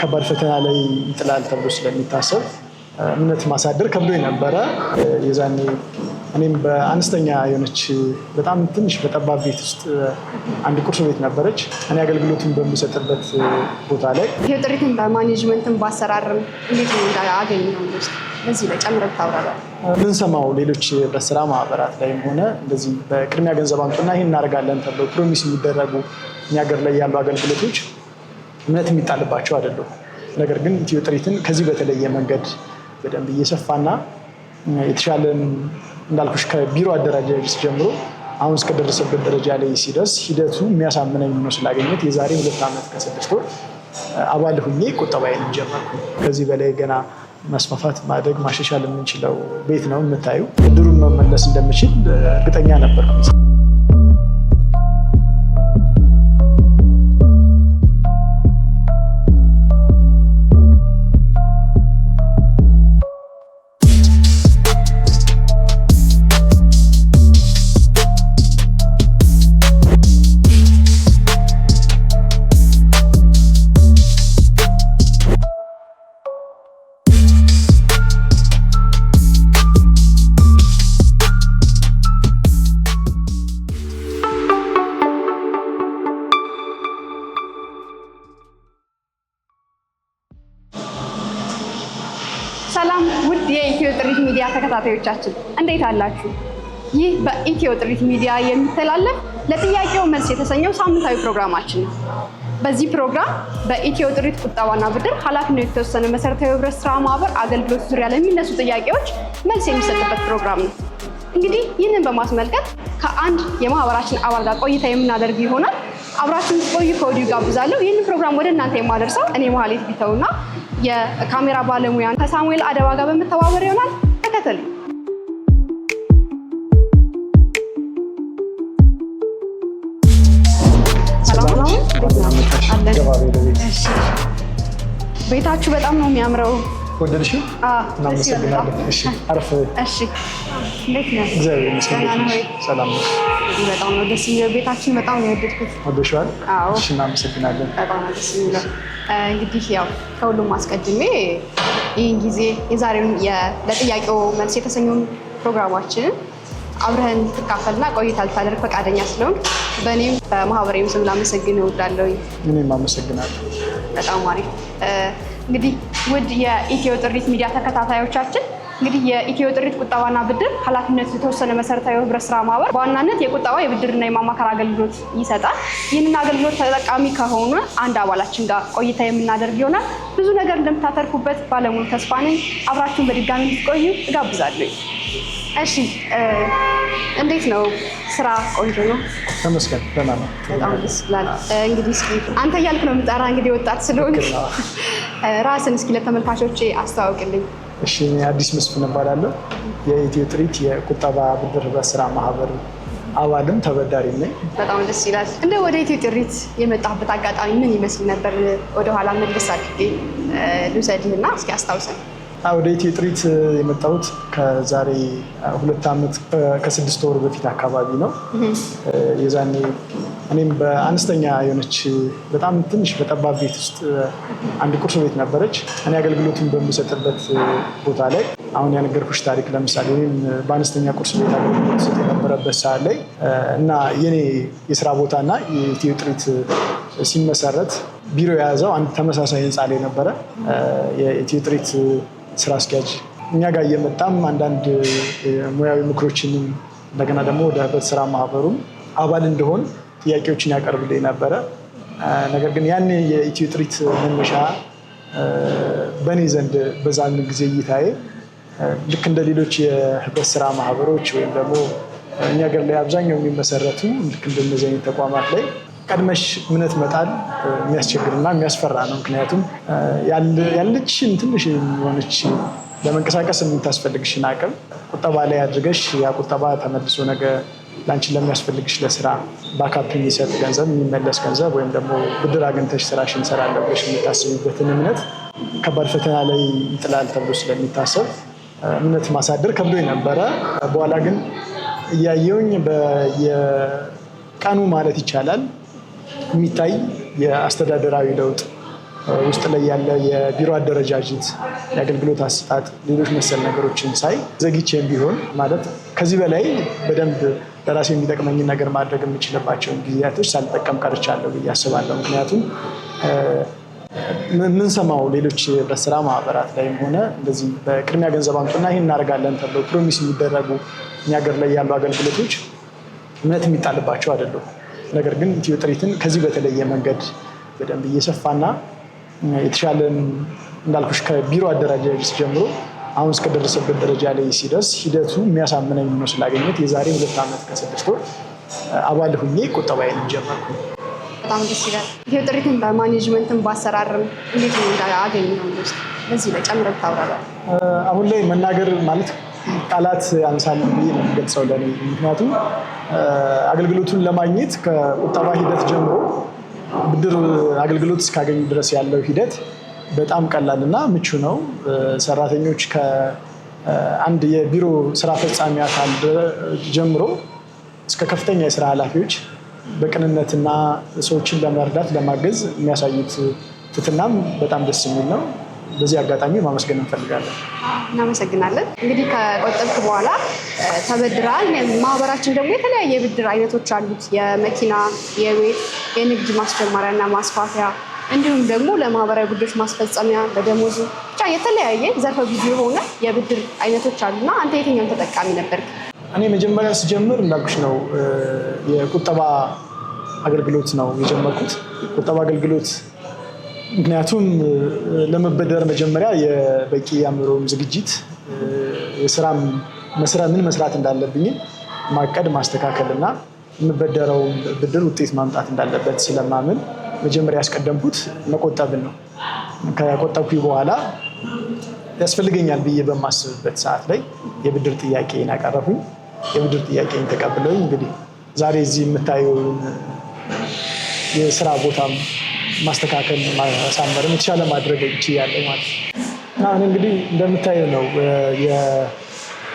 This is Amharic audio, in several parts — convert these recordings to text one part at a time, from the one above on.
ከባድ ፈተና ላይ ይጥላል ተብሎ ስለሚታሰብ እምነት ማሳደር ከብዶ ነበረ። የዛኔ እኔም በአነስተኛ የሆነች በጣም ትንሽ በጠባብ ቤት ውስጥ አንድ ቁርሶ ቤት ነበረች። እኔ አገልግሎቱን በምሰጥበት ቦታ ላይ ይህ ጥሪትን በማኔጅመንትን ባሰራርም እንዴት ነው እንዳገኘ በዚህ ላይ ጨምረ ብታብራራለህ። ምንሰማው ሌሎች በስራ ማህበራት ላይም ሆነ እንደዚህ በቅድሚያ ገንዘብ አምጡና ይህን እናደርጋለን ተብለው ፕሮሚስ የሚደረጉ እኛ ሀገር ላይ ያሉ አገልግሎቶች እምነት የሚጣልባቸው አይደሉም። ነገር ግን ኢትዮ ጥሪትን ከዚህ በተለየ መንገድ በደንብ እየሰፋና የተሻለን እንዳልኩሽ ከቢሮ አደረጃጀት ጀምሮ አሁን እስከደረሰበት ደረጃ ላይ ሲደርስ ሂደቱ የሚያሳምነኝ ሆኖ ስላገኘት የዛሬ ሁለት ዓመት ከስድስት ወር አባል ሁኜ ቁጠባዬን ጀመርኩ። ከዚህ በላይ ገና መስፋፋት፣ ማደግ፣ ማሻሻል የምንችለው ቤት ነው የምታዩ። ድሩን መመለስ እንደምችል እርግጠኛ ነበር። ተከታታዮቻችን እንዴት አላችሁ? ይህ በኢትዮ ጥሪት ሚዲያ የሚተላለፍ ለጥያቄው መልስ የተሰኘው ሳምንታዊ ፕሮግራማችን ነው። በዚህ ፕሮግራም በኢትዮ ጥሪት ቁጠባና ብድር ኃላፊነት የተወሰነ መሰረታዊ ህብረት ስራ ማህበር አገልግሎት ዙሪያ ለሚነሱ ጥያቄዎች መልስ የሚሰጥበት ፕሮግራም ነው። እንግዲህ ይህንን በማስመልከት ከአንድ የማህበራችን አባል ጋር ቆይታ የምናደርግ ይሆናል። አብራችን ቆዩ ከወዲሁ ጋብዛለሁ። ይህንን ፕሮግራም ወደ እናንተ የማደርሰው እኔ መሀሌት ቢተውና የካሜራ ባለሙያ ከሳሙኤል አደባ ጋር በመተባበር ይሆናል። ተከተሉ። ቤታችሁ በጣም ነው የሚያምረው። ወደድሽ? እናመሰግናለን። እሺ፣ እሺ፣ ሰላም ነው። ነው ደስ እናመሰግናለን። እንግዲህ ያው ከሁሉም አስቀድሜ ይህን ጊዜ የዛሬውን ለጥያቄው መልስ የተሰኘውን ፕሮግራማችንን አብረህን ትካፈልና ቆይታ ልታደርግ ፈቃደኛ ስለሆን በእኔም በማህበሬም ስም ላመሰግን እወዳለሁ። እኔም አመሰግናለሁ። በጣም አሪፍ። እንግዲህ ውድ የኢትዮ ጥሪት ሚዲያ ተከታታዮቻችን እንግዲህ የኢትዮ ጥሪት ቁጠባና ብድር ኃላፊነት የተወሰነ መሰረታዊ ህብረት ስራ ማህበር በዋናነት የቁጠባ የብድርና የማማከር አገልግሎት ይሰጣል። ይህንን አገልግሎት ተጠቃሚ ከሆኑ አንድ አባላችን ጋር ቆይታ የምናደርግ ይሆናል። ብዙ ነገር እንደምታተርፉበት ባለሙሉ ተስፋ ነኝ። አብራችሁን በድጋሚ እንድትቆዩ እጋብዛለሁ። እሺ፣ እንዴት ነው ስራ? ቆንጆ ነው፣ ተመስገን። ደህና ነው፣ በጣም ደስ ይላል። እንግዲህ እስኪ አንተ እያልክ ነው የምጠራ፣ እንግዲህ ወጣት ስለሆንክ ራስን እስኪ ለተመልካቾቼ አስተዋውቅልኝ። እሺ አዲስ መስፍን እባላለሁ። የኢትዮ ጥሪት የቁጠባ ብድር በስራ ማህበር አባልም ተበዳሪ ነኝ። በጣም ደስ ይላል። እንደ ወደ ኢትዮ ጥሪት የመጣበት አጋጣሚ ምን ይመስል ነበር? ወደኋላ መለስ አድርጌ ልውሰድህና እስኪ አስታውሰን። ወደ ኢትዮ ጥሪት የመጣሁት ከዛሬ ሁለት ዓመት ከስድስት ወር በፊት አካባቢ ነው። የዛኔ እኔም በአነስተኛ የሆነች በጣም ትንሽ በጠባብ ቤት ውስጥ አንድ ቁርስ ቤት ነበረች። እኔ አገልግሎትን በምሰጥበት ቦታ ላይ አሁን ያነገርኩሽ ታሪክ ለምሳሌ ወይም በአነስተኛ ቁርስ ቤት አገልግሎት ሰጥ የነበረበት ሰዓት ላይ እና የኔ የስራ ቦታ እና የኢትዮ ጥሪት ሲመሰረት ቢሮ የያዘው አንድ ተመሳሳይ ህንፃ ላይ ነበረ። የኢትዮ ጥሪት ስራ አስኪያጅ እኛ ጋር እየመጣም አንዳንድ ሙያዊ ምክሮችንም እንደገና ደግሞ ወደ ህብረት ስራ ማህበሩም አባል እንደሆን ጥያቄዎችን ያቀርብልኝ ነበረ። ነገር ግን ያን የኢትዮ ጥሪት መነሻ በእኔ ዘንድ በዛን ጊዜ እይታዬ ልክ እንደ ሌሎች የህብረት ስራ ማህበሮች ወይም ደግሞ እኛ ገር ላይ አብዛኛው የሚመሰረቱ ልክ እንደነዚህ አይነት ተቋማት ላይ ቀድመሽ እምነት መጣል የሚያስቸግርና የሚያስፈራ ነው። ምክንያቱም ያለችን ትንሽ የሚሆነች ለመንቀሳቀስ የምታስፈልግሽን አቅም ቁጠባ ላይ አድርገሽ ያ ቁጠባ ተመልሶ ነገ ለአንቺን ለሚያስፈልግሽ ለስራ ባካፕ የሚሰጥ ገንዘብ የሚመለስ ገንዘብ ወይም ደግሞ ብድር አግኝተሽ ስራሽን እሰራለሁ ብለሽ የምታስብበትን እምነት ከባድ ፈተና ላይ ይጥላል ተብሎ ስለሚታሰብ እምነት ማሳደር ከብዶ ነበረ። በኋላ ግን እያየውኝ በየቀኑ ማለት ይቻላል የሚታይ የአስተዳደራዊ ለውጥ ውስጥ ላይ ያለ የቢሮ አደረጃጀት፣ የአገልግሎት አሰጣጥ፣ ሌሎች መሰል ነገሮችን ሳይ ዘግቼም ቢሆን ማለት ከዚህ በላይ በደንብ ለራሴ የሚጠቅመኝ ነገር ማድረግ የምችልባቸውን ጊዜያቶች ሳልጠቀም ቀርቻለሁ ብዬ አስባለሁ። ምክንያቱም የምንሰማው ሌሎች በስራ ማህበራት ላይም ሆነ እንደዚህ በቅድሚያ ገንዘብ አምጡና ይህን እናደርጋለን ተብሎ ፕሮሚስ የሚደረጉ እኛ ሀገር ላይ ያሉ አገልግሎቶች እምነት የሚጣልባቸው አይደሉም። ነገር ግን ኢትዮ ጥሪትን ከዚህ በተለየ መንገድ በደንብ እየሰፋና የተሻለን እንዳልኩሽ ከቢሮ አደረጃጀት ጀምሮ አሁን እስከደረሰበት ደረጃ ላይ ሲደርስ ሂደቱ የሚያሳምነኝ ሆኖ ስላገኘት የዛሬ ሁለት ዓመት ከስድስት ወር አባል ሁኜ ቁጠባዬን ጀመርኩ። በጣም ደስ ይላል። ይሄ ጥሪትን በማኔጅመንትን ባሰራርም እንዴት ነው እንዳገኘ ነው በዚህ ላይ ጨምረ ታውራለህ። አሁን ላይ መናገር ማለት ቃላት ያንሳል ብዬ ነው የምገልጸው ለኔ። ምክንያቱም አገልግሎቱን ለማግኘት ከቁጠባ ሂደት ጀምሮ ብድር አገልግሎት እስካገኙ ድረስ ያለው ሂደት በጣም ቀላል እና ምቹ ነው። ሰራተኞች ከአንድ የቢሮ ስራ ፈጻሚ አካል ጀምሮ እስከ ከፍተኛ የስራ ኃላፊዎች በቅንነትና ሰዎችን ለመርዳት ለማገዝ የሚያሳዩት ትትናም በጣም ደስ የሚል ነው። በዚህ አጋጣሚ ማመስገን እንፈልጋለን። እናመሰግናለን። እንግዲህ ከቆጠብክ በኋላ ተበድራል። ማህበራችን ደግሞ የተለያየ የብድር አይነቶች አሉት። የመኪና፣ የቤት፣ የንግድ ማስጀመሪያ እና ማስፋፊያ እንዲሁም ደግሞ ለማህበራዊ ጉዳዮች ማስፈጸሚያ ለደሞዙ ብቻ የተለያየ ዘርፈ ብዙ የሆነ የብድር አይነቶች አሉና አንተ የትኛውን ተጠቃሚ ነበር? እኔ መጀመሪያ ስጀምር እንዳልኩሽ ነው የቁጠባ አገልግሎት ነው የጀመርኩት። ቁጠባ አገልግሎት ምክንያቱም ለመበደር መጀመሪያ የበቂ የአእምሮም ዝግጅት የስራም ምን መስራት እንዳለብኝ ማቀድ ማስተካከል እና የምበደረው ብድር ውጤት ማምጣት እንዳለበት ስለማምን መጀመሪያ ያስቀደምኩት መቆጠብን ነው። ከቆጠብኩ በኋላ ያስፈልገኛል ብዬ በማስብበት ሰዓት ላይ የብድር ጥያቄን ያቀረብኩኝ የብድር ጥያቄን ተቀብለውኝ እንግዲህ ዛሬ እዚህ የምታየውን የስራ ቦታ ማስተካከል ማሳመርም የተሻለ ማድረግ ችያለሁ ማለት ነው። እንግዲህ እንደምታየው ነው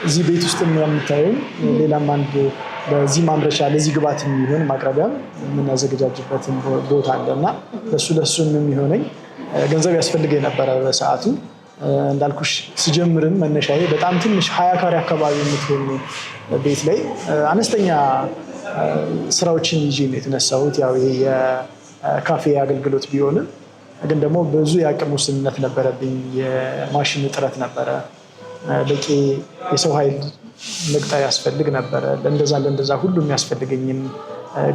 እዚህ ቤት ውስጥ የምታየውን ሌላም አንድ በዚህ ማምረቻ ለዚህ ግባት የሚሆን ማቅረቢያም የምናዘገጃጅበትን ቦታ አለ እና ለሱ ለሱ የሚሆነኝ ገንዘብ ያስፈልገ የነበረ በሰዓቱ እንዳልኩሽ ስጀምርም መነሻ በጣም ትንሽ ሀያ ካሬ አካባቢ የምትሆኑ ቤት ላይ አነስተኛ ስራዎችን ይዤ ነው የተነሳሁት። ያው ይሄ የካፌ አገልግሎት ቢሆንም ግን ደግሞ ብዙ የአቅም ውስንነት ነበረብኝ። የማሽን እጥረት ነበረ። በቂ የሰው ኃይል ንቅጣ ያስፈልግ ነበረ። ለእንደዛ ለእንደዛ ሁሉ የሚያስፈልገኝን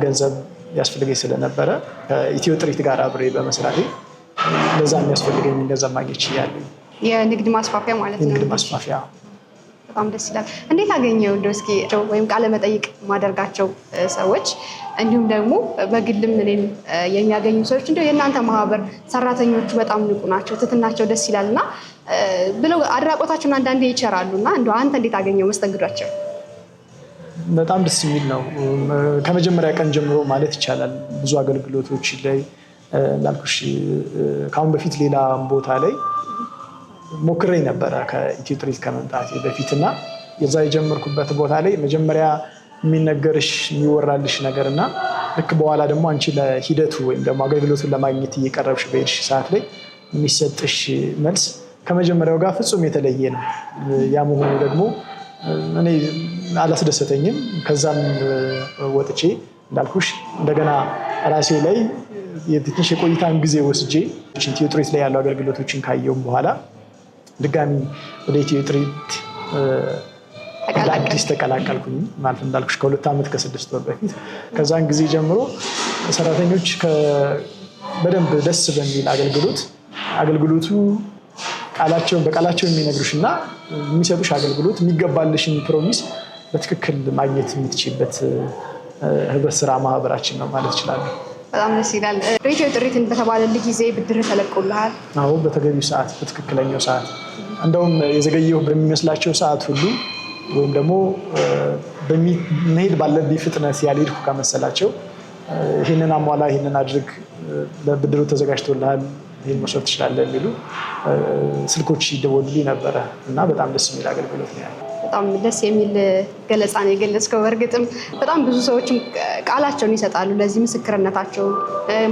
ገንዘብ ያስፈልገኝ ስለነበረ ከኢትዮ ጥሪት ጋር አብሬ በመስራቴ ለዛ የሚያስፈልገኝ ገንዘብ ማግኘት ችያለሁ። የንግድ ማስፋፊያ ማለት ነው። ንግድ ማስፋፊያ በጣም ደስ ይላል። እንዴት አገኘው እንደው እስኪ ወይም ቃለ መጠይቅ ማደርጋቸው ሰዎች እንዲሁም ደግሞ በግልም እኔን የሚያገኙ ሰዎች እንደው የእናንተ ማህበር ሰራተኞቹ በጣም ንቁ ናቸው፣ ትትናቸው ደስ ይላል እና ብለው አድራቆታቸውን አንዳንዴ ይቸራሉ እና እንደው አንተ እንዴት አገኘው መስተንግዷቸው? በጣም ደስ የሚል ነው። ከመጀመሪያ ቀን ጀምሮ ማለት ይቻላል ብዙ አገልግሎቶች ላይ እንዳልኩሽ ከአሁን በፊት ሌላ ቦታ ላይ ሞክሬ ነበረ ከኢትዮ ከመምጣት በፊት በፊትና የዛ የጀመርኩበት ቦታ ላይ መጀመሪያ የሚነገርሽ የሚወራልሽ ነገር እና ልክ በኋላ ደግሞ አንቺ ለሂደቱ ወይም ደግሞ አገልግሎቱን ለማግኘት እየቀረብሽ በሄድሽ ሰዓት ላይ የሚሰጥሽ መልስ ከመጀመሪያው ጋር ፍጹም የተለየ ነው። ያ መሆኑ ደግሞ እኔ አላስደሰተኝም። ከዛም ወጥቼ እንዳልኩሽ እንደገና ራሴ ላይ የትንሽ የቆይታን ጊዜ ወስጄ ኢትዮ ላይ ያሉ አገልግሎቶችን ካየውም በኋላ ድጋሚ ወደ ኢትዮ ትሪት ለአዲስ ተቀላቀልኩኝ ማለት እንዳልኩሽ ከሁለት ዓመት ከስድስት ወር በፊት። ከዛን ጊዜ ጀምሮ ሰራተኞች በደንብ ደስ በሚል አገልግሎት አገልግሎቱ ቃላቸውን በቃላቸው የሚነግሩሽ እና የሚሰጡሽ አገልግሎት የሚገባልሽን ፕሮሚስ በትክክል ማግኘት የምትችልበት ህብረት ስራ ማህበራችን ነው ማለት እችላለሁ። በጣም ደስ ይላል። ሬቲዮ ጥሪትን በተባለልህ ጊዜ ብድር ተለቆልሃል? አዎ፣ በተገቢው ሰዓት፣ በትክክለኛው ሰዓት እንደውም የዘገየው በሚመስላቸው ሰዓት ሁሉ ወይም ደግሞ መሄድ ባለብኝ ፍጥነት ያልሄድኩ ከመሰላቸው ይህንን አሟላ፣ ይህንን አድርግ፣ ለብድሩ ተዘጋጅቶልሃል፣ ይህን መውሰድ ትችላለህ የሚሉ ስልኮች ይደወሉልኝ ነበረ እና በጣም ደስ የሚል አገልግሎት ነው ያለው። በጣም ደስ የሚል ገለጻ ነው የገለጽከው። በእርግጥም በጣም ብዙ ሰዎችም ቃላቸውን ይሰጣሉ ለዚህ ምስክርነታቸው፣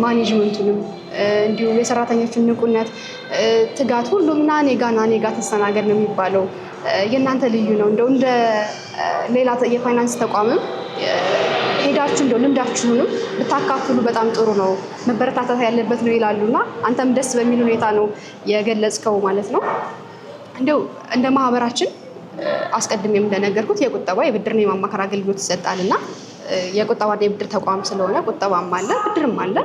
ማኔጅመንቱንም እንዲሁም የሰራተኞችን ንቁነት፣ ትጋት፣ ሁሉም ናኔጋ ጋ ተስተናገድ ነው የሚባለው። የእናንተ ልዩ ነው። እንደው እንደ ሌላ የፋይናንስ ተቋምም ሄዳችሁ እንደው ልምዳችሁንም ብታካፍሉ በጣም ጥሩ ነው፣ መበረታታት ያለበት ነው ይላሉ እና አንተም ደስ በሚል ሁኔታ ነው የገለጽከው ማለት ነው። እንደው እንደ ማህበራችን አስቀድሜም እንደነገርኩት የቁጠባ የብድርና የማማከር አገልግሎት ይሰጣል እና የቁጠባና የብድር ተቋም ስለሆነ ቁጠባም አለ፣ ብድርም አለ፣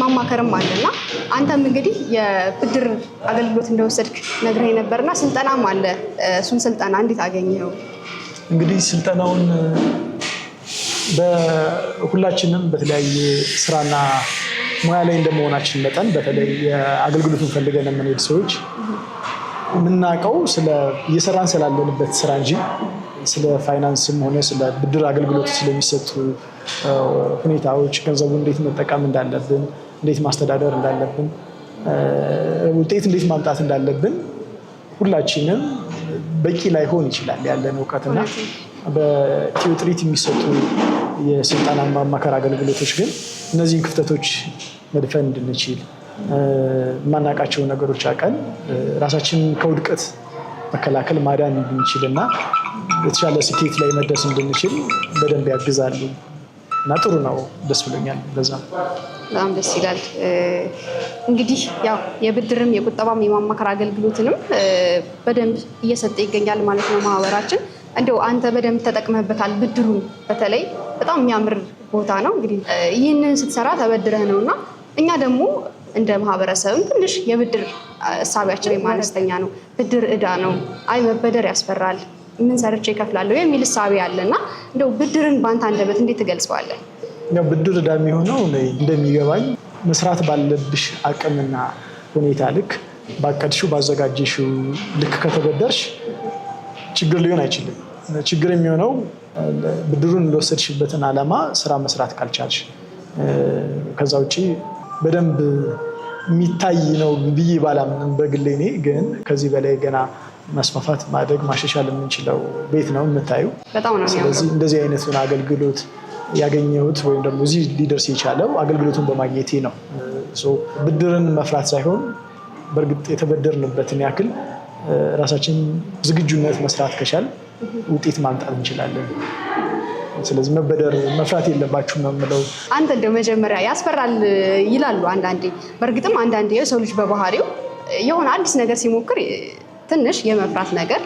ማማከርም አለ እና አንተም እንግዲህ የብድር አገልግሎት እንደወሰድክ ነግረህ ነበርና ስልጠናም አለ። እሱን ስልጠና እንዴት አገኘው? እንግዲህ ስልጠናውን በሁላችንም በተለያየ ስራና ሙያ ላይ እንደመሆናችን መጠን በተለይ የአገልግሎቱን ፈልገን የምንሄድ ሰዎች የምናውቀው እየሰራን ስላለንበት ስራ እንጂ ስለ ፋይናንስም ሆነ ስለ ብድር አገልግሎት ስለሚሰጡ ሁኔታዎች ገንዘቡ እንዴት መጠቀም እንዳለብን፣ እንዴት ማስተዳደር እንዳለብን፣ ውጤት እንዴት ማምጣት እንዳለብን ሁላችንም በቂ ላይሆን ይችላል ያለን እውቀትና በኢትዮ ጥሪት የሚሰጡ የስልጠና ማማከር አገልግሎቶች ግን እነዚህን ክፍተቶች መድፈን እንድንችል የማናውቃቸውን ነገሮች አውቀን ራሳችን ከውድቀት መከላከል ማዳን እንድንችል እና የተሻለ ስኬት ላይ መድረስ እንድንችል በደንብ ያግዛሉ እና ጥሩ ነው። ደስ ብሎኛል። በዛ በጣም ደስ ይላል። እንግዲህ ያው የብድርም የቁጠባም የማማከር አገልግሎትንም በደንብ እየሰጠ ይገኛል ማለት ነው ማህበራችን። እንደው አንተ በደንብ ተጠቅመህበታል። ብድሩን በተለይ በጣም የሚያምር ቦታ ነው። እንግዲህ ይህንን ስትሰራ ተበድረህ ነው እና እኛ ደግሞ እንደ ማህበረሰብም ትንሽ የብድር እሳቢያችን ወይም አነስተኛ ነው። ብድር እዳ ነው፣ አይ መበደር ያስፈራል፣ ምን ሰርቼ እከፍላለሁ የሚል እሳቢ አለ እና እንደው ብድርን በአንተ አንደበት እንዴት ትገልጸዋለህ? ብድር እዳ የሚሆነው እንደሚገባኝ መስራት ባለብሽ አቅምና ሁኔታ ልክ ባቀድሽው ባዘጋጀሽው ልክ ከተበደርሽ ችግር ሊሆን አይችልም። ችግር የሚሆነው ብድሩን ለወሰድሽበትን ዓላማ ስራ መስራት ካልቻልሽ ከዛ ውጭ በደንብ የሚታይ ነው ብዬ ባላምንም በግሌ እኔ ግን ከዚህ በላይ ገና መስፋፋት ማድረግ ማሻሻል የምንችለው ቤት ነው የምታዩ። ስለዚህ እንደዚህ አይነቱን አገልግሎት ያገኘሁት ወይም ደግሞ እዚህ ሊደርስ የቻለው አገልግሎቱን በማግኘቴ ነው። ብድርን መፍራት ሳይሆን በእርግጥ የተበደርንበትን ያክል ራሳችን ዝግጁነት መስራት ከቻል ውጤት ማምጣት እንችላለን። ስለዚህ መበደር መፍራት የለባችሁ ነው የምለው። አንተ እንደው መጀመሪያ ያስፈራል ይላሉ አንዳንዴ። በእርግጥም አንዳንዴ የሰው ልጅ በባህሪው የሆነ አዲስ ነገር ሲሞክር ትንሽ የመፍራት ነገር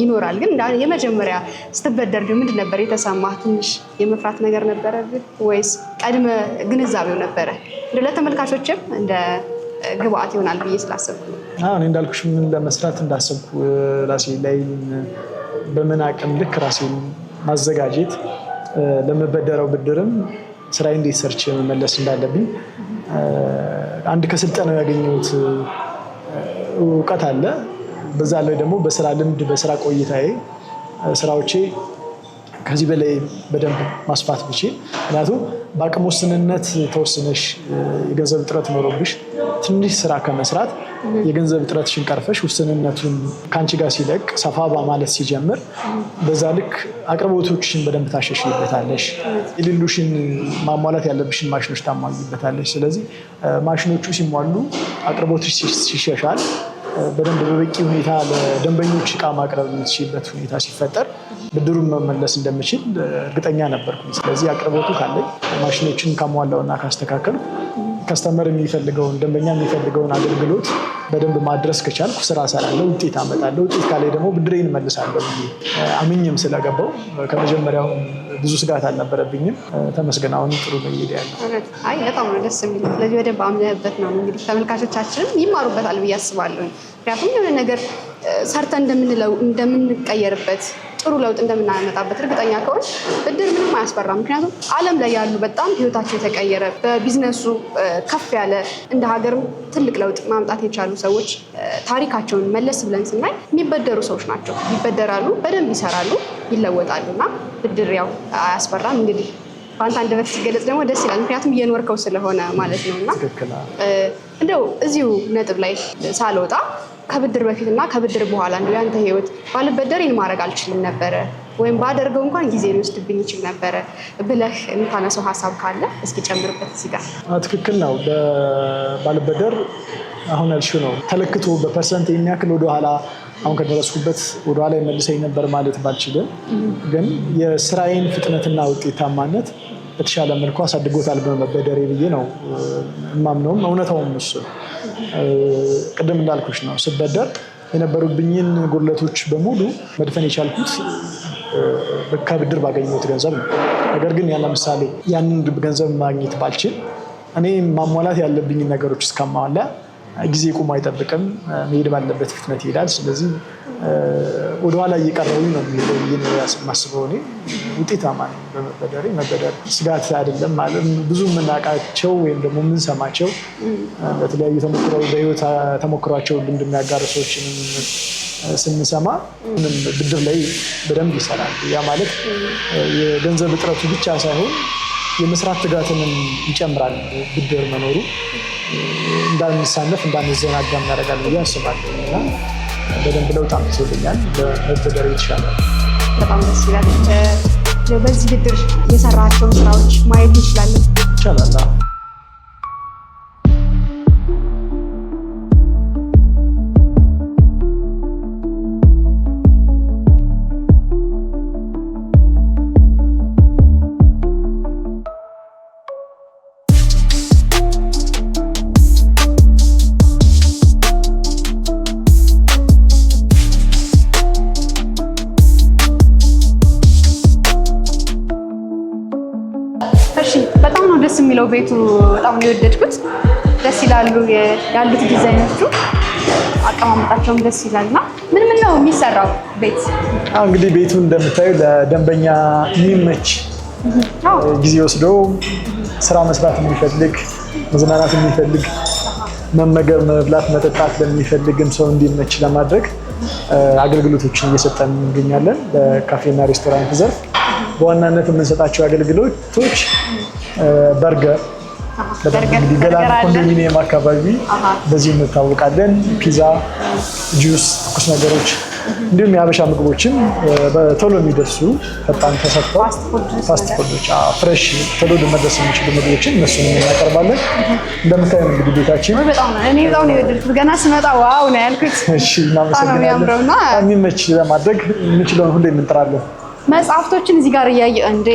ይኖራል። ግን የመጀመሪያ ስትበደር ምንድን ነበር የተሰማህ? ትንሽ የመፍራት ነገር ነበረ ወይስ ቀድመ ግንዛቤው ነበረ? ለተመልካቾችም እንደ ግብአት ይሆናል ብዬ ስላሰብኩ አሁን እንዳልኩሽ ምን ለመስራት እንዳሰብኩ ራሴ ላይ በምን አቅም ልክ ራሴን ማዘጋጀት ለምበደረው ብድርም ስራ እንዴት ሰርች መመለስ እንዳለብኝ አንድ ከስልጠናው ያገኘሁት እውቀት አለ። በዛ ላይ ደግሞ በስራ ልምድ በስራ ቆይታዬ ስራዎቼ ከዚህ በላይ በደንብ ማስፋት ብቼ ምክንያቱም በአቅም ውስንነት ተወስነሽ የገንዘብ እጥረት ኖሮብሽ ትንሽ ስራ ከመስራት የገንዘብ እጥረትሽን ቀርፈሽ ውስንነቱን ከአንቺ ጋር ሲለቅ ሰፋ ማለት ሲጀምር በዛ ልክ አቅርቦቶችሽን በደንብ ታሸሽይበታለሽ። የሌሉሽን ማሟላት ያለብሽን ማሽኖች ታሟይበታለሽ። ስለዚህ ማሽኖቹ ሲሟሉ አቅርቦቶች ሲሸሻል በደንብ በበቂ ሁኔታ ለደንበኞች እቃ ማቅረብ የምትችልበት ሁኔታ ሲፈጠር ብድሩን መመለስ እንደምችል እርግጠኛ ነበርኩኝ ስለዚህ አቅርቦቱ ካለኝ ማሽኖችን ካሟላውና ካስተካከሉ ከስተመር የሚፈልገውን ደንበኛ የሚፈልገውን አገልግሎት በደንብ ማድረስ ከቻልኩ ስራ እሰራለሁ፣ ውጤት አመጣለሁ። ውጤት ካላይ ደግሞ ብድሬን እመልሳለሁ አምኜም ስለገባው ከመጀመሪያው ብዙ ስጋት አልነበረብኝም። ተመስገን አሁን ጥሩ ነው እየሄደ ያለው። አይ በጣም ነው ደስ የሚል። ስለዚህ በደንብ አምነህበት ነው እንግዲህ ተመልካቾቻችንም ይማሩበታል ብዬ አስባለሁ። ምክንያቱም የሆነ ነገር ሰርተን እንደምንለው እንደምንቀየርበት ጥሩ ለውጥ እንደምናመጣበት እርግጠኛ ከሆን ብድር ምንም አያስፈራ ምክንያቱም ዓለም ላይ ያሉ በጣም ህይወታቸው የተቀየረ በቢዝነሱ ከፍ ያለ እንደ ሀገርም ትልቅ ለውጥ ማምጣት የቻሉ ሰዎች ታሪካቸውን መለስ ብለን ስናይ የሚበደሩ ሰዎች ናቸው። ይበደራሉ፣ በደንብ ይሰራሉ፣ ይለወጣሉ እና ብድር ያው አያስፈራም እንግዲህ በአንተ አንደበት ሲገለጽ ደግሞ ደስ ይላል። ምክንያቱም እየኖርከው ስለሆነ ማለት ነው እና እንደው እዚሁ ነጥብ ላይ ሳልወጣ ከብድር በፊት እና ከብድር በኋላ እንደው ያንተ ህይወት ባልበደር ይህን ማድረግ አልችልም ነበረ ወይም ባደርገው እንኳን ጊዜ ሊወስድብኝ ይችል ነበረ ብለህ የምታነሰው ሀሳብ ካለ እስኪ ጨምርበት እዚህ ጋር። ትክክል ነው። ባልበደር አሁን ያልሺው ነው ተለክቶ በፐርሰንት የሚያክል ወደኋላ አሁን ከደረስኩበት ወደኋላ የመልሰኝ ነበር ማለት ባልችልም፣ ግን የስራዬን ፍጥነትና ውጤታማነት በተሻለ መልኩ አሳድጎታል በመበደሬ ብዬ ነው እማምነውም እውነታውም እሱ ነው። ቅድም እንዳልኩሽ ነው ስበደር የነበሩብኝን ጉድለቶች በሙሉ መድፈን የቻልኩት ከብድር ባገኘሁት ገንዘብ ነው። ነገር ግን ያ ለምሳሌ ያንን ገንዘብ ማግኘት ባልችል እኔ ማሟላት ያለብኝን ነገሮች እስከማዋላ ጊዜ ቁሞ አይጠብቅም። መሄድ ባለበት ፍጥነት ይሄዳል። ስለዚህ ወደኋላ እየቀረቡ ነው የሚለው ብዬ እኔ ውጤታማ ነኝ በመበደር መበደር ስጋት አይደለም ማለት ብዙ የምናውቃቸው ወይም ደግሞ የምንሰማቸው በተለያዩ ተሞክሮ በህይወት ተሞክሯቸው እንደሚያጋሩ ሰዎችን ስንሰማ ምንም ብድር ላይ በደንብ ይሰራል። ያ ማለት የገንዘብ እጥረቱ ብቻ ሳይሆን የመስራት ትጋትንም ይጨምራል። ብድር መኖሩ እንዳንሳነፍ እንዳንዘናጋ እናደርጋለን ብዬ አስባለሁ። በደንብ ለውጥ አምጥቶልኛል። በህብ ደር የተሻለ በጣም ደስ ይላል። በዚህ ብድር የሰራቸውን ስራዎች ማየት እንችላለን ይቻላል ያደረኩት። ደስ ይላሉ ያሉት ዲዛይኖቹ፣ አቀማመጣቸውም ደስ ይላልና ምን ምን ነው የሚሰራው ቤት? እንግዲህ ቤቱ እንደምታዩ ለደንበኛ የሚመች ጊዜ ወስዶ ስራ መስራት የሚፈልግ መዝናናት የሚፈልግ መመገብ፣ መብላት፣ መጠጣት ለሚፈልግም ሰው እንዲመች ለማድረግ አገልግሎቶችን እየሰጠን እንገኛለን። በካፌና ሬስቶራንት ዘርፍ በዋናነት የምንሰጣቸው አገልግሎቶች በርገር ገላ ኮንዶሚኒየም አካባቢ በዚህ እንታወቃለን። ፒዛ፣ ጁስ፣ ትኩስ ነገሮች እንዲሁም የሀበሻ ምግቦችን በቶሎ የሚደርሱ ፈጣን ተሰርተው ፋስት ፉዶች ፍሬሽ ቶሎ ልመደስ የሚችሉ ምግቦችን እነሱን እናቀርባለን። እንደምታየው እንግዲህ ቤታችን ገና ስመጣ ዋው ነው ያልኩት። እናመሰግናለን። የሚመች ለማድረግ የምንችለውን ሁሉ የምንጥራለን። መጽሐፍቶችን እዚህ ጋር እያየ እንዴ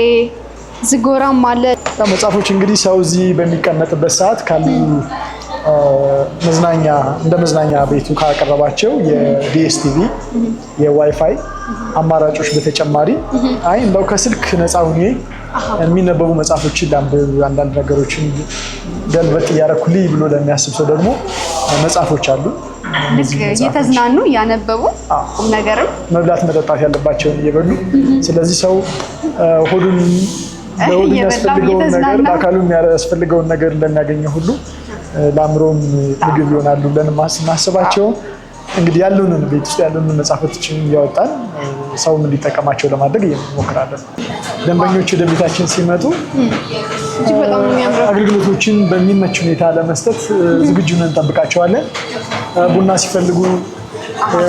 ዝጎራም አለ። መጽሐፎች እንግዲህ ሰው እዚህ በሚቀመጥበት ሰዓት ካሉ መዝናኛ እንደ መዝናኛ ቤቱ ካቀረባቸው የዲኤስቲቪ የዋይፋይ አማራጮች በተጨማሪ አይ እንደው ከስልክ ነፃ ሁኜ የሚነበቡ መጽሐፎችን ለአንብብ አንዳንድ ነገሮችን ገልበጥ እያረኩልኝ ብሎ ለሚያስብ ሰው ደግሞ መጽሐፎች አሉ። እየተዝናኑ እያነበቡ ቁም ነገርም መብላት መጠጣት ያለባቸውን እየበሉ ስለዚህ ሰው ሆዱን ለሁሉ የሚያስፈልገውን ነገር ለአካሉ የሚያስፈልገውን ነገር እንደሚያገኘ ሁሉ ለአእምሮም ምግብ ይሆናሉ ብለን ስናስባቸው እንግዲህ ያሉንን ቤት ውስጥ ያሉንን መጽሐፎችን እያወጣን ሰውም እንዲጠቀማቸው ለማድረግ እንሞክራለን። ደንበኞች ወደ ቤታችን ሲመጡ አገልግሎቶችን በሚመች ሁኔታ ለመስጠት ዝግጁ ነን፣ እንጠብቃቸዋለን። ቡና ሲፈልጉ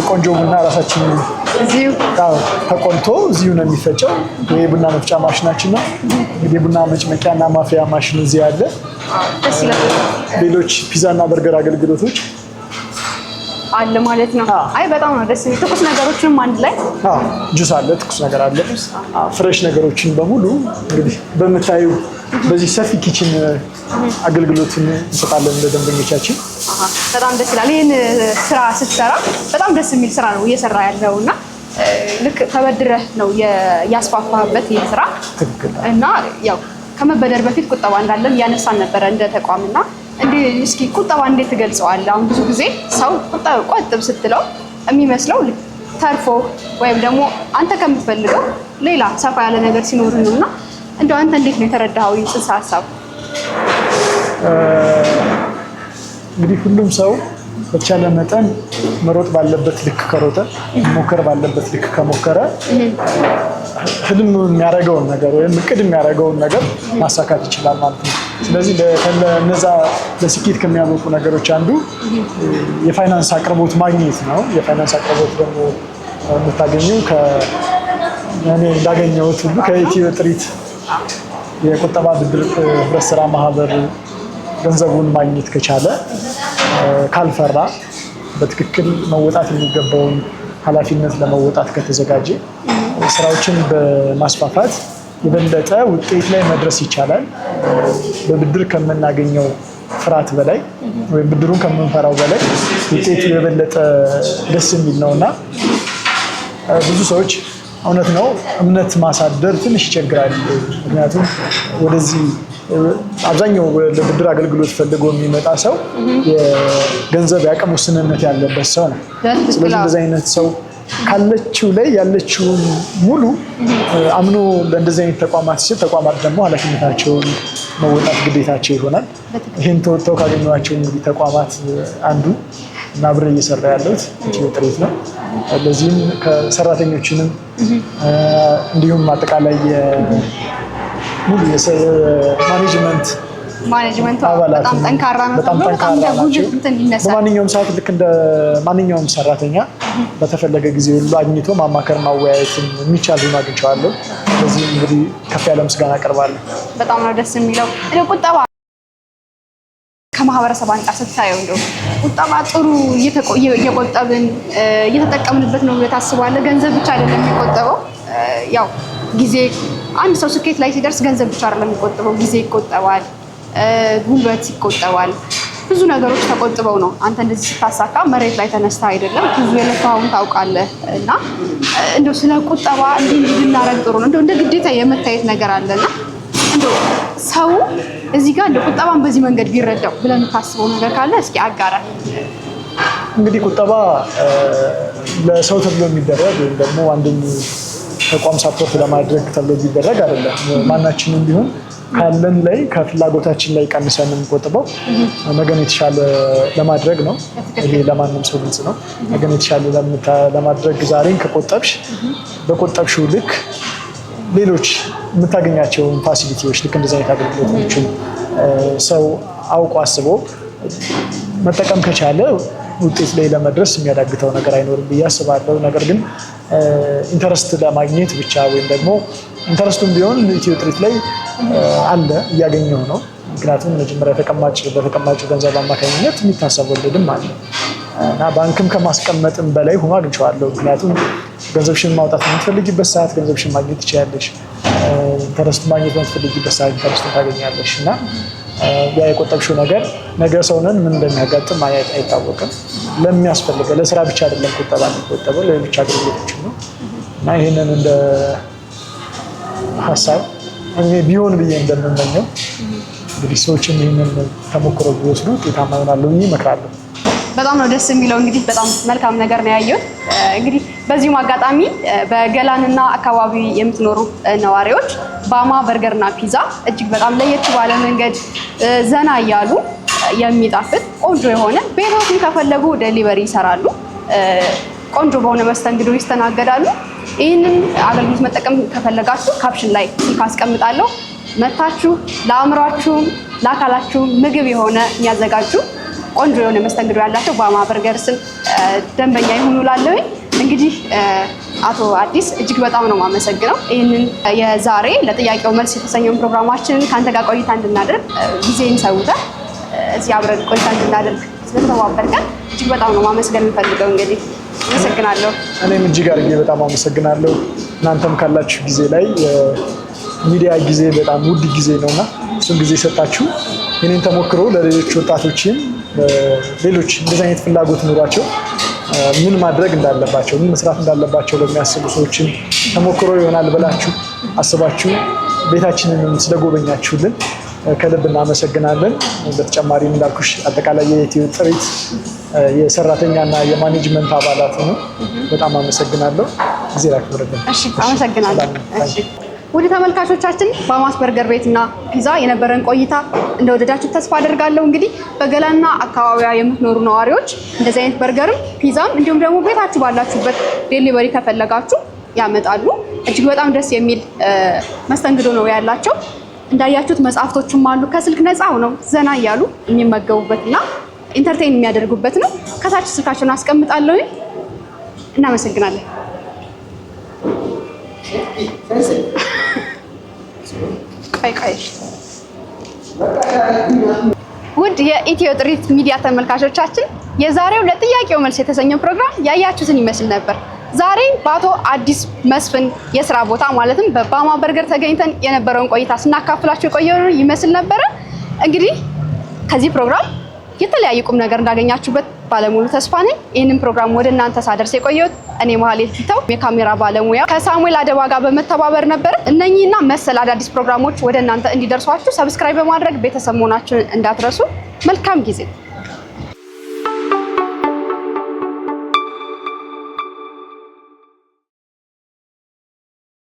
ቆንጆ ቡና ራሳችን ተቆልቶ እዚሁ ነው የሚፈጨው። የቡና ቡና መፍጫ ማሽናችን ነው። እንግዲህ ቡና መጭመቂያ እና ማፍያ ማሽን እዚህ አለ። ሌሎች ፒዛ እና በርገር አገልግሎቶች አለ ማለት ነው። አይ በጣም ነው ደስ የሚል። ትኩስ ነገሮችንም አንድ ላይ ጁስ አለ፣ ትኩስ ነገር አለ። ፍሬሽ ነገሮችን በሙሉ እንግዲህ በምታዩ በዚህ ሰፊ ኪችን አገልግሎትን እንሰጣለን ለደንበኞቻችን። በጣም ደስ ይላል። ይህን ስራ ስትሰራ በጣም ደስ የሚል ስራ ነው እየሰራ ያለው እና ልክ ተበድረህ ነው ያስፋፋህበት ይህ ስራ እና ያው ከመበደር በፊት ቁጠባ እንዳለን ያነሳን ነበረ እንደ ተቋምና እስኪ ቁጠባ እንዴት ትገልጸዋለህ? አሁን ብዙ ጊዜ ሰው ቆጥብ ስትለው የሚመስለው ተርፎ ወይም ደግሞ አንተ ከምትፈልገው ሌላ ሰፋ ያለ ነገር ሲኖር ነው እና እንደው አንተ እንዴት ነው የተረዳኸው ጽንሰ ሀሳብ? እንግዲህ ሁሉም ሰው በተቻለ መጠን መሮጥ ባለበት ልክ ከሮጠ፣ ሞከር ባለበት ልክ ከሞከረ ህልም የሚያደርገውን ነገር ወይም እቅድ የሚያደርገውን ነገር ማሳካት ይችላል ማለት ነው። ስለዚህ ለነዛ ለስኬት ከሚያበቁ ነገሮች አንዱ የፋይናንስ አቅርቦት ማግኘት ነው። የፋይናንስ አቅርቦት ደግሞ የምታገኘው እኔ እንዳገኘሁት ሁሉ ከኢትዮ ጥሪት የቁጠባ ብድር ህብረት ስራ ማህበር ገንዘቡን ማግኘት ከቻለ ካልፈራ በትክክል መወጣት የሚገባውን ኃላፊነት ለመወጣት ከተዘጋጀ ስራዎችን በማስፋፋት የበለጠ ውጤት ላይ መድረስ ይቻላል። በብድር ከምናገኘው ፍርሃት በላይ ወይም ብድሩን ከምንፈራው በላይ ውጤቱ የበለጠ ደስ የሚል ነው እና ብዙ ሰዎች እውነት ነው። እምነት ማሳደር ትንሽ ይቸግራል። ምክንያቱም ወደዚህ አብዛኛው ለብድር አገልግሎት ፈልጎ የሚመጣ ሰው የገንዘብ የአቅም ውስንነት ያለበት ሰው ነው። ስለዚህ እንደዚህ አይነት ሰው ካለችው ላይ ያለችውን ሙሉ አምኖ ለእንደዚህ አይነት ተቋማት ሲል ተቋማት ደግሞ ኃላፊነታቸውን መወጣት ግዴታቸው ይሆናል። ይህን ተወጥተው ካገኟቸው እንግዲህ ተቋማት አንዱ እና አብሬ እየሰራ ያለሁት ትሬት ነው። ለዚህም ከሰራተኞችንም እንዲሁም አጠቃላይ ሙሉ ማኔጅመንት ማኔጅመንቱ በጣም ጠንካራ ነው በማንኛውም ሰዓት ልክ እንደ ማንኛውም ሰራተኛ በተፈለገ ጊዜ ሁሉ አግኝቶ ማማከር ማወያየትን የሚቻል ሆኖ አግኝቼዋለሁ። በዚህም እንግዲህ ከፍ ያለ ምስጋና አቀርባለሁ። በጣም ነው ደስ የሚለው ቁጠባ ከማህበረሰብ አንጻር ስታየው እንደው ቁጠባ ጥሩ እየቆጠብን እየተጠቀምንበት ነው ብለህ ታስባለህ? ገንዘብ ብቻ አይደለም የሚቆጠበው። ያው ጊዜ አንድ ሰው ስኬት ላይ ሲደርስ ገንዘብ ብቻ አይደለም የሚቆጠበው ጊዜ ይቆጠባል፣ ጉልበት ይቆጠባል። ብዙ ነገሮች ተቆጥበው ነው አንተ እንደዚህ ስታሳካ መሬት ላይ ተነስታ አይደለም፣ ብዙ የለፋውን ታውቃለህ። እና እንደው ስለ ቁጠባ እንዲህ እንዲህ ልናረግ ጥሩ ነው እንደ ግዴታ የመታየት ነገር አለና እንደው ሰው እዚህ ጋር እንደው ቁጠባን በዚህ መንገድ ቢረዳው ብለን የምታስበው ነገር ካለ እስኪ አጋራ። እንግዲህ ቁጠባ ለሰው ተብሎ የሚደረግ ወይም ደግሞ አንድን ተቋም ሳፖርት ለማድረግ ተብሎ የሚደረግ አይደለም። ማናችንም ቢሆን ካለን ላይ ከፍላጎታችን ላይ ቀንሰን የምንቆጥበው ነገን የተሻለ ለማድረግ ነው። ይሄ ለማንም ሰው ግልጽ ነው። ነገን የተሻለ ለማድረግ ዛሬን ከቆጠብሽ በቆጠብሽው ልክ ሌሎች የምታገኛቸውን ፋሲሊቲዎች ልክ እንደዚህ አይነት አገልግሎቶችን ሰው አውቆ አስቦ መጠቀም ከቻለ ውጤት ላይ ለመድረስ የሚያዳግተው ነገር አይኖርም ብዬ አስባለሁ። ነገር ግን ኢንተረስት ለማግኘት ብቻ ወይም ደግሞ ኢንተረስቱም ቢሆን ኢትዮ ትሪት ላይ አለ እያገኘው ነው። ምክንያቱም መጀመሪያ ተቀማጭ በተቀማጭ ገንዘብ አማካኝነት የሚታሰብ ወለድም አለ እና ባንክም ከማስቀመጥም በላይ ሆኖ አግኝቼዋለሁ ምክንያቱም ገንዘብሽን ማውጣት የምትፈልጊበት ሰዓት ገንዘብሽን ማግኘት ትችያለሽ። ኢንተረስት ማግኘት በምትፈልጊበት ሰዓት ኢንተረስት ታገኛለሽ። እና ያ የቆጠብሽው ነገር ነገ ሰውንን ምን እንደሚያጋጥም አይታወቅም። ለሚያስፈልገ ለስራ ብቻ አይደለም ቁጠባ የሚቆጠበው ለሌሎች አገልግሎቶች ነው። እና ይህንን እንደ ሀሳብ እኔ ቢሆን ብዬ እንደምመኘው እንግዲህ ሰዎችም ይህንን ተሞክሮ ቢወስዱ ውጤታማ ይሆናሉ ብዬ እመክራለሁ። በጣም ነው ደስ የሚለው። እንግዲህ በጣም መልካም ነገር ነው ያየሁት እንግዲህ በዚሁም አጋጣሚ በገላንና አካባቢ የምትኖሩ ነዋሪዎች ባማ በርገርና ፒዛ እጅግ በጣም ለየት ባለ መንገድ ዘና እያሉ የሚጣፍጥ ቆንጆ የሆነ ቤቶትን ከፈለጉ ደሊቨሪ ይሰራሉ። ቆንጆ በሆነ መስተንግዶ ይስተናገዳሉ። ይህንን አገልግሎት መጠቀም ከፈለጋችሁ ካፕሽን ላይ ስልክ አስቀምጣለሁ። መታችሁ ለአእምሯችሁም ለአካላችሁም ምግብ የሆነ የሚያዘጋጁ ቆንጆ የሆነ መስተንግዶ ያላቸው ባማ በርገርስን ደንበኛ ይሁኑ ላለሁኝ እንግዲህ አቶ አዲስ እጅግ በጣም ነው የማመሰግነው። ይህንን የዛሬ ለጥያቄው መልስ የተሰኘውን ፕሮግራማችንን ከአንተ ጋር ቆይታ እንድናደርግ ጊዜን ሰውተህ እዚህ አብረን ቆይታ እንድናደርግ ስለተባበርከን እጅግ በጣም ነው ማመስገን የምፈልገው። እንግዲህ አመሰግናለሁ። እኔም እጅግ አድርጌ በጣም አመሰግናለሁ። እናንተም ካላችሁ ጊዜ ላይ ሚዲያ ጊዜ በጣም ውድ ጊዜ ነውና እሱን ጊዜ ሰጣችሁ የኔን ተሞክሮ ለሌሎች ወጣቶችም ሌሎች እንደዚህ አይነት ፍላጎት ኑሯቸው ምን ማድረግ እንዳለባቸው ምን መስራት እንዳለባቸው ለሚያስቡ ሰዎችን ተሞክሮ ይሆናል ብላችሁ አስባችሁ ቤታችንን ስለጎበኛችሁልን ከልብ እናመሰግናለን። በተጨማሪም እንዳልኩሽ አጠቃላይ የኢትዮ ጥሪት የሰራተኛና የማኔጅመንት አባላት ነው። በጣም አመሰግናለሁ። ጊዜ ላክብርልን። አመሰግናለሁ። ውድ ተመልካቾቻችን በማስ በርገር ቤትና ፒዛ የነበረን ቆይታ እንደወደዳችሁ ተስፋ አደርጋለሁ። እንግዲህ በገላና አካባቢያ የምትኖሩ ነዋሪዎች እንደዚህ አይነት በርገርም ፒዛም እንዲሁም ደግሞ ቤታችሁ ባላችሁበት ዴሊቨሪ ከፈለጋችሁ ያመጣሉ። እጅግ በጣም ደስ የሚል መስተንግዶ ነው ያላቸው። እንዳያችሁት መጽሐፍቶችም አሉ። ከስልክ ነፃ ሆነው ዘና እያሉ የሚመገቡበትና ኢንተርቴን የሚያደርጉበት ነው። ከታች ስልካቸውን አስቀምጣለሁ። እናመሰግናለን። ቀይ ውድ የኢትዮ ጥሪት ሚዲያ ተመልካቾቻችን የዛሬው ለጥያቄው መልስ የተሰኘው ፕሮግራም ያያችሁትን ይመስል ነበር። ዛሬ በአቶ አዲስ መስፍን የስራ ቦታ ማለትም በባማ በርገር ተገኝተን የነበረውን ቆይታ ስናካፍላችሁ የቆየውን ይመስል ነበረ። እንግዲህ ከዚህ ፕሮግራም የተለያየ ቁም ነገር እንዳገኛችሁበት ባለሙሉ ተስፋ ነኝ። ይህንን ፕሮግራም ወደ እናንተ ሳደርስ የቆየሁት እኔ መሀል የትተው የካሜራ ባለሙያ ከሳሙኤል አደባ ጋር በመተባበር ነበር። እነኚህና መሰል አዳዲስ ፕሮግራሞች ወደ እናንተ እንዲደርሷችሁ ሰብስክራይብ በማድረግ ቤተሰብ መሆናችሁን እንዳትረሱ። መልካም ጊዜ